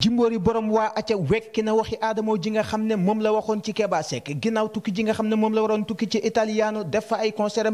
Jimbori borom waa aca wekki na waxi Adamo ji nga xam ne moom la waxoon ci Keba Seck ginnaaw tukki ji nga xam ne moom la waroon tukki ci Italiano def fa ay concert a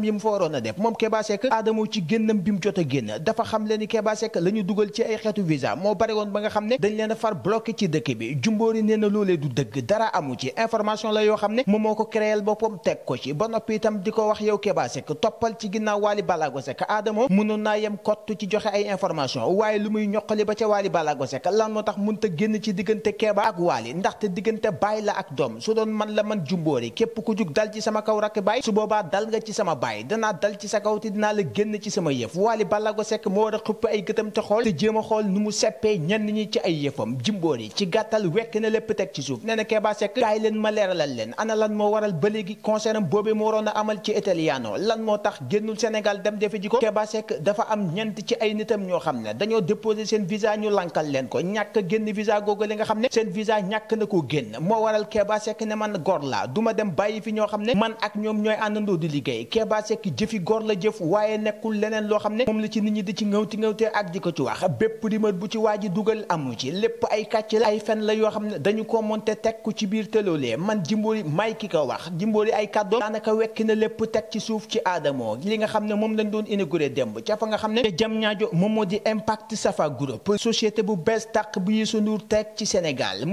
def moom Keba Seck Adamo ci génnam bi mu jot a génn dafa xam le ni Keba Seck la ñu dugal ci ay xeetu moo bari woon ba nga xam ne dañ leen a far ci dëkk bi Jimbori nee na loolee du dëgg dara amu ci information la yoo xam ne moom moo ko créel boppam teg ko ci ba noppi itam di ko wax yow Keba Seck toppal ci ginnaaw Wally Ballago Seck Adamo mënoon naa yem kott ci joxe ay information waaye lu muy ñoqali ba ca Wally Ballago Seck lan moo tax mënta génn ci diggante Keba ak Waly ndaxte diggante baay la ak doom su doon man la man jumbóori képp ku dal ci sama kaw rakk baay su boobaa dal nga ci sama baay danaa dal ci sa kaw te dinaa la génn ci sama yëf Waly Ballago Seck moo a xupp ay gëtam te xool te jéem xool nu mu seppee ñenn ñi ci ay yëfam jumbóori ci gàttal wekk na lépp teg ci suuf nee na Keba Seck leen ma leeralal leen ana lan moo waral ba léegi concert am boobee mu waroon a amal ci Italiano lan moo tax génnul Sénégal dem defe ji ko Keba dafa am ñent ci ay nitam ñoo xam ne dañoo déposé seen visa ñu lankal leen ko ñàkk génn génn visa googu li nga xam ne seen visa ñàkk na koo génn moo waral Keba Seck ne man góor laa du ma dem bàyyi fi ñoo xam ne man ak ñoom ñooy àndandoo di liggéey Keba Seck jëfi góor la jëf waaye nekkul leneen loo xam ne moom la ci nit ñi di ci ngawti ngawte ko ci bu ci waa ji dugal amu ci lépp ay kàcc ay fen la yoo xam ne dañu ko monte teg ku ci biir tëloolee man Jimbori may ki ko wax Jimbori ay kàddoom daanaka wekk na lépp teg ci suuf ci aadamoo li nga xam ne moom lañ doon inauguré démb ca fa nga xam ne jam ñaajo moom moo di impact safa groupe société bu bees tàq bu Youssou Ndour teg ci Sénégal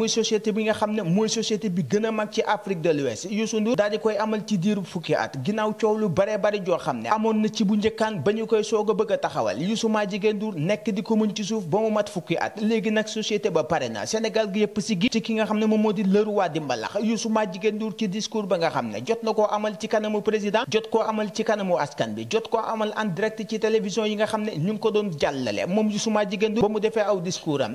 bi nga xam ne mooy société bi gën a mag ci Afrique de l'Ouest Youssou Ndour daal koy amal ci diiru fukki at ginnaaw coow lu bare bari joo xam ne amoon na ci bu njëkkaan ba ñu koy sooga bëgg a taxawal Youssou maa jigéen Ndour nekk di ko muñ ci suuf ba mu mat fukki at léegi nag société ba pare na Sénégal gi yëpp si gi ci ki nga xam ne moom moo di lëru waa di mbalax Youssou maa jigéen Ndour ci discours ba nga xam ne jot na koo amal ci kanamu président jot koo amal ci kanamu askan bi jot koo amal en direct ci télévision yi nga xam ne ñu ngi ko doon jàllale moom Youssou maa ba mu defee aw discours am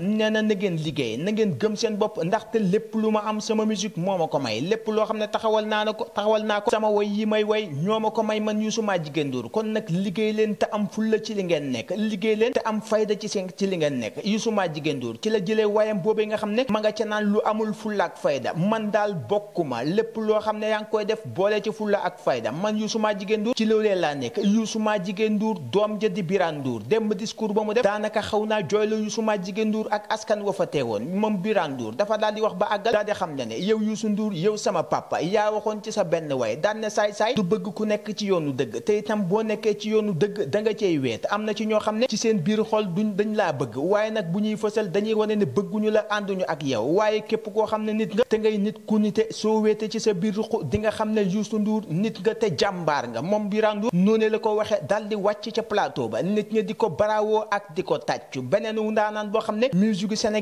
liggéey na ngeen gëm seen bopp ndaxte lépp lu ma am sama musique moo ma ko may lépp loo xam ne taxawal naa na ko taxawal naa ko sama way yi may way ñoo ma ko may man Youssou Madjiguène Ndour kon nag liggéey leen te am fulla ci li ngeen nekk liggéey leen te am fayda ci seen ci li ngeen nekk Youssou Madjiguène Ndour ci la jëlee wayam boobee nga xam ne ma nga ca naan lu amul fulla ak fayda man daal bokkuma lépp loo xam ne yaa ngi koy def boole ci fulla ak fayda man Youssou Madjiguène Ndour ci loolee laa nekk Youssou Madjiguène Ndour doom ja di Birane Ndour démb discours ba mu def daanaka xaw naa jooy la Youssou Madjiguène Ndour ak askan wa fa teewoon moom Birane Ndour dafa daal di wax ba àggal daal di xam ne ne yow Youssou Ndour yow sama papa yaa waxoon ci sa benn way daan ne saay-saay du bëgg ku nekk ci yoonu dëgg te itam boo nekkee ci yoonu dëgg danga nga cey weet am na ci ñoo xam ne ci seen biir xool duñ dañ laa bëgg waaye nag bu ñuy fësal dañuy wane ne bëgguñu la ànduñu ak yow waaye képp koo xam ne nit nga te ngay nit ku nite soo weetee ci sa biir ruq di nga xam ne Youssou nduur nit nga te jàmbaar nga moom Birane Ndour noonu la ko waxee dal di wàcc ca plateau ba nit ñi di ko baraawoo ak di ko tàccu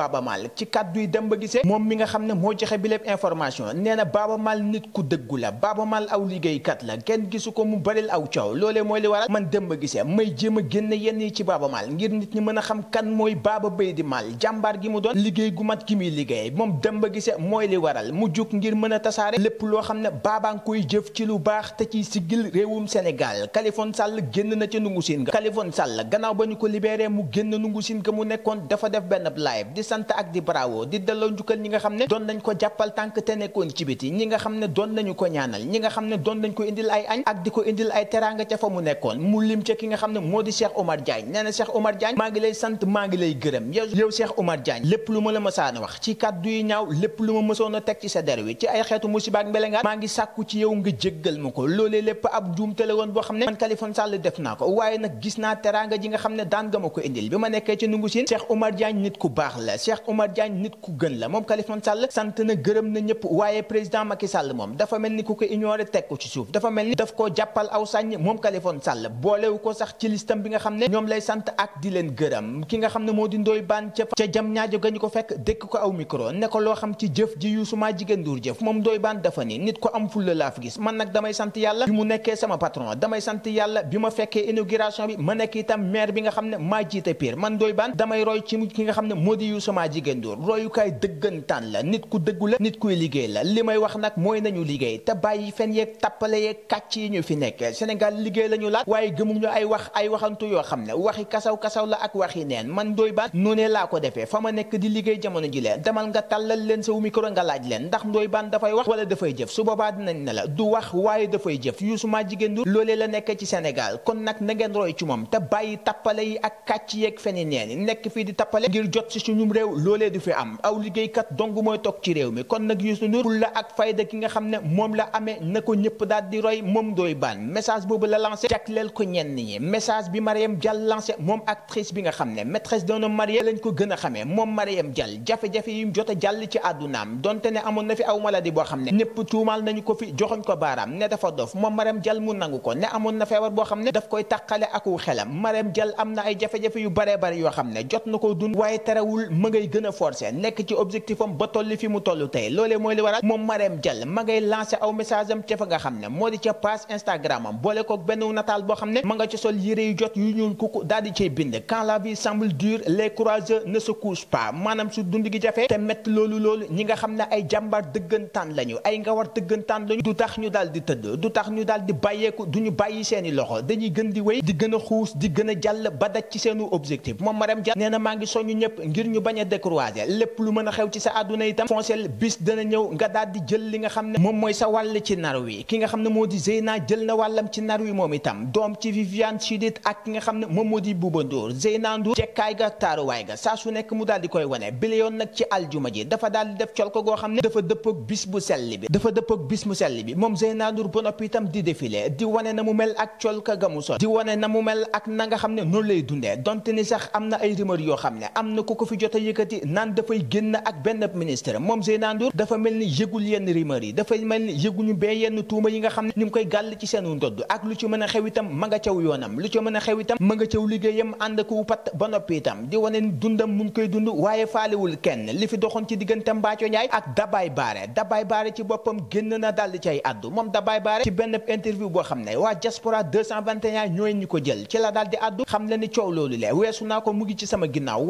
Baaba Maal ci kàddu yi dem ba gisee moom mi nga xam ne moo joxe bi lépp information nee na Baaba Maal nit ku dëggu la Baaba Maal aw liggéeykat la kenn gisu ko mu baril aw coow loolee mooy li waral man dem ba gisee may jéem a génn yenn yi ci Baaba Maal ngir nit ñi mën a xam kan mooy Baaba Béy di Maal jàmbaar gi mu doon liggéey gu mat ki muy liggéey moom dem ba gisee mooy li waral mu jug ngir mën a tasaare lépp loo xam ne baabaa ngi koy jëf ci lu baax te ciy siggil réewum Sénégal Kalifon Sall génn na ci nungu siin ga Kalifon Sall gannaaw ba ñu ko libéré mu sant ak di bravo di delloo njukkal ñi nga xam ne doon nañ ko jàppal tànk te nekkoon ci biti ñi nga xam ne doon nañu ko ñaanal ñi nga xam ne doon nañ ko indil ay añ ak di ko indil ay teraanga ca fa mu nekkoon mu lim ca nga xam ne moo di Cheikh Omar Diagne na Cheikh Omar Diagne maa ngi lay sant maa ngi lay gërëm yow yow Cheikh Omar Diagne lépp lu ma la mësaan a wax ci kàddu yi ñaaw lépp lu ma mësoon a teg ci der wi ci ay xeetu musiba ak mbelengaan maa ngi sàkku ci yow nga jéggal ma ko loolee lépp ab juumte la woon boo xam ne man Kaliphone Sall def naa ko waaye nag gis naa teraanga ji nga xam ne daan nga ma ko indil bi ma nekkee ci nungu siin Cheikh Omar Diagne nit ku baax la Cheikh Oumar Diagne nit ku gën la moom Kaliphone Sall sant na gërëm na ñëpp waaye président Macky Sall moom dafa mel ni ku ko ignoré teg ko ci suuf dafa mel ni ñoom lay sant ak di leen gërëm ki nga xam ne moo di ndooy baan dafa ni nit ko am fulla laa fi gis man nag damay sant yàlla bi mu nekkee sama patron damay sant yàlla bi ma fekkee inauguration bi ma nekk itam bi nga xam ne maa jiite piir man ndooy baan damay roy ci ki nga xam ne sama jigéen la nit ku dëggu la nit kuy liggéey la li may wax nag mooy nañu liggéey te bàyyi fen yeeg tappale yeeg kàcc yi ñu fi nekk Sénégal liggéey la ñu laaj waaye gëmum ñu ay wax ay yoo xam ne waxi kasaw-kasaw la ak waxi neen man Ndoye Bane noonee laa ko defee fa ma nekk di liggéey jamono ji lee demal nga tàllal leen sa micro nga laaj leen ndax Ndoye Bane dafay wax wala dafay jëf su boobaa dinañ ne la du wax waaye dafay jëf Youssou Madjiguène Ndour loolee la nekk ci Sénégal kon nag na ngeen roy ci moom te bàyyi tappale yi ak kàcc yeeg feni neen nekk fii di tappale ngir jot ci suñu réew loolee du fi am aw liggéeykat dong mooy toog ci réew mi kon nag Youssou Ndour la ak fayda ki nga xam ne moom la amee na ko ñëpp daal di roy moom dooy baan message boobu la lancé jagleel ko ñenn ñi message bi Mariam Dial lancé moom actrice bi nga xam ne maîtresse d'un homme marié lañ ko gën a xamee moom Mariam Dial jafe-jafe yi mu jot a jàll ci àddunaam donte ne amoon na fi aw maladie boo xam ne ñëpp tuumaal nañu ko fi joxoñ ko baaraam ne dafa dof moom Mariam Dial mu nangu ko ne amoon na feebar boo xam ne daf koy tàqale aku xelam Mariam jal am na ay jafe-jafe yu bare bare yoo xam ne jot na ko dund waaye terewul ngay gën a forcé nekk ci objectif am ba tolli fi xam ne moo di ca page Instagram am boole kook boo xam ne ma nga ci sol yére yu jot yu ñuul kuku daal di cay bind quand maanaam su dund gi jafe te métti loolu loolu ñi nga xam ne ay jàmbaar dëggantaan lañu ay nga war dëggantaan lañu du tax ñu daal di tëdd du tax ñu daal di bàyyeeku du ñu bàyyi seeni loxo dañuy gën di wéy di gën a xuus di gën a jàll ba daj ci seenu objectif moom Marème Dial nee maa ngi soñu ñëpp ngir ñu bañ bañ a décourager lépp lu mën a xew ci sa àdduna itam foncel bis dana ñëw nga daal jël li nga xam ne moom mooy sa wàll ci nar wi ki nga xam ne moo di Zeyna jël na wàllam ci nar wi moom itam doom ci Viviane Chidid ak ki nga xam ne moom moo di Bouba Ndour Zeyna Ndour aljuma ji dafa daal def col goo xam ne dafa dëpp bis mu sell bi moom Zeyna Ndour ba noppi itam di défilé di wane na mu mel ak col ka ga mu sol di wane na mu mel ak na xam ne noonu lay dundee donte ni sax am na ay rumeur yoo xam ne am na ku ko fi jot yëkkati naan dafay génn ak benn ministre moom Zeyna Ndour dafa mel ni yëgul yenn rumeur yi dafay mel ni yëguñu bee yenn tuuma yi nga xam ne ñu ngi koy gàll ci seen seenu ndodd ak lu ci mën a xew itam ma nga caw yoonam lu ci mën a xew itam ma nga caw liggéeyam ànd ko pat ba noppi itam di wane ni dundam mun koy dund waaye faalewul kenn li fi doxoon ci diggante Mbathio Ndiaye ak Dabaye Barre Dabaye Barre ci boppam génn na daal di cay addu moom Dabaye Barre ci benn interview boo xam ne waa diaspora 221 ñooy ñi ko jël ci la daal di addu xam la ni coow loolu weesu naa ko mu ngi ci sama ginnaaw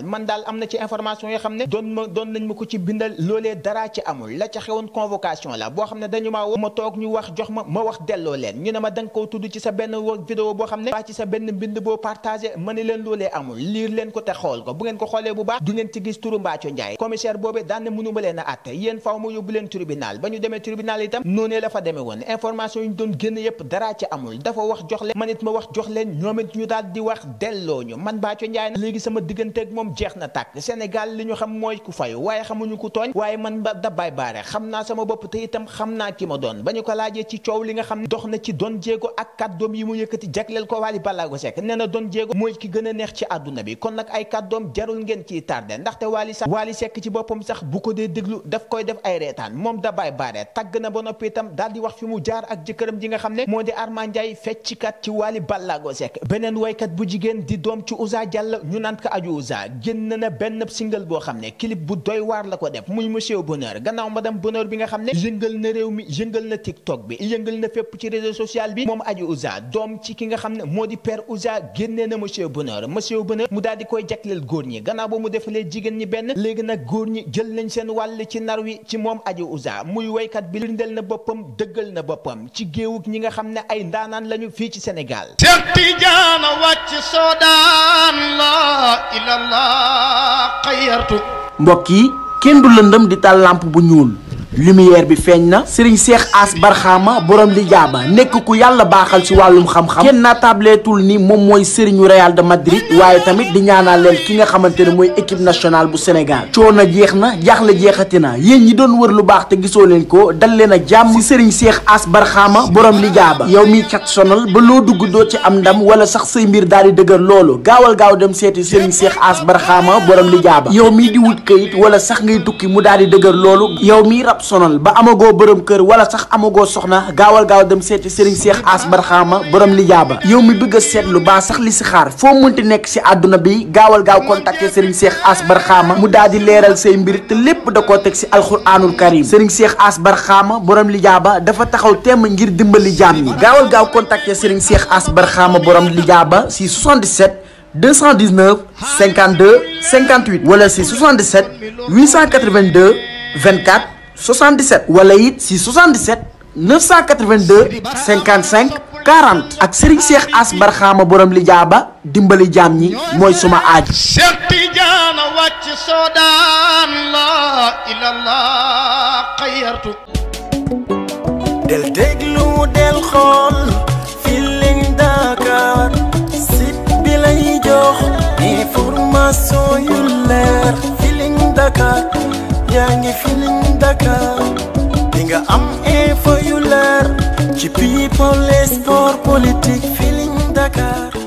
xamal man daal am na ci information yoo xam ne doon ma doon nañ ma ko ci bindal loolee dara ci amul la ca xewoon convocation la boo xam ne dañu ma toog ñu wax jox ma ma wax delloo leen ñu ne ma da nga koo tudd ci sa benn vidéo boo xam ne waa ci sa benn mbind boo partagé ma ne leen loolee amul liir leen ko te xool ko bu ngeen ko xoolee bu baax du ngeen ci gis turu Mbathio Ndiaye commissaire boobee daan ne mënuma leen a àtte yéen faaw ma yóbbu leen tribunal ba ñu demee tribunal itam noonee la fa demee ma wax jox leen ñoom it ñu ñu man Mbathio Ndiaye léegi sama diggante ak moom moom jeex na tàkk Sénégal li ñu xam mooy ku fayu waaye xamuñu ku tooñ waaye man ba da baay baare xam naa sama bopp te itam xam ki ma doon ba ko laajee ci coow li nga xam ne dox na ci Don Diego ak kàddoom yi mu yëkkati jagleel ko Wally Ballago Seck nee na Don Diego mooy ki gën a neex ci àdduna bi kon nag ay kàddoom jarul ngeen ciy tardé ndaxte Wally sax Wally Seck ci boppam sax bu ko dee déglu daf koy def ay reetaan moom da baay baare tàgg na ba noppi itam daal di wax fi mu jaar ak jëkkëram ji nga xam ne moo di Armand Ndiaye feccikat ci Wally Ballago Seck beneen waykat bu jigéen di doom ci Ousa Diallo ñu naan ko aju Ousa génn na benn single boo xam ne clip bu doy waar la ko def muy monsieur Bonheur gannaaw madame Bonheur bi nga xam ne yëngal na réew mi yëngal na TikTok bi yëngal na fépp ci réseau social bi moom Adji Ouza doom ci ki nga xam ne moo di père Ouza génnee na monsieur Bonheur monsieur Bonheur mu daal koy jagleel góor ñi gannaaw ba mu defalee jigéen ñi benn léegi nag góor ñi jël nañ seen wàll ci nar wi ci moom Adji Ouza muy woykat bi lindel na boppam dëggal na boppam nga xam ne ay ndaanaan lañu fii ci Sénégal. Cheikh Tidiane wàcc Sodaan la mbokk yi kenn du lëndëm di taal làmp bu ñuul lumière bi feeñ na sëriñ seex as barxaama borom li jaaba nekk ku yàlla baaxal ci wàllum xam-xam kenn naa tableetul ni moom mooy sëriñu Real de Madrid waaye tamit di ñaanal leen ki nga xamante ne mooy équipe national bu Sénégal coono jeex na jaaxle jeexati na yéen ñi doon wër lu baax te gisoo leen ko dal leen a jàmm ci sëriñ seex as barxaama borom li jaaba yow miy cat sonal ba loo dugg doo ci am ndam wala sax say mbir daal di dëgër loolu gaawal gaaw dem seeti sëriñ seex as barxaama borom li jaaba yow mii di wut kayit wala sax ngay tukki mu daal di dëgër loolu yow ab ba amagoo bërëm kër wala sax amagoo soxna gaawal gaaw dem seeti Serigne Cheikh Ass Barxaama borom lijaa ba yow mi bëgg a seetlu baa sax li si xaar foo mun ti nekk si àdduna bi gaawal gaaw contacter Serigne Cheikh Ass Barxaama mu daal di leeral say mbir te lépp koo teg si alxuraanul karim Serigne Cheikh Ass Barxaama borom li jaaba dafa taxaw temm ngir dimbali jaam ñi gaawal gaaw contacter Serigne Cheikh Ass Barxaama borom li jaaba si 77 219 52 58 wala si 77 882 24 77 wala it si 77 982 55 ak Serigne Cheikh As Barxaama borom li jaaba dimbali jaam ñi mooy suma aaju. Cheikh Tidiane wàcc soodaan la ilallah xayartu. del déglu del xool Feeling Dakar site bi lay jox information yu leer Feeling Dakar. yaa ngi Feeling Dakar di nga am info yu leer ci people les sport politique Feeling Dakar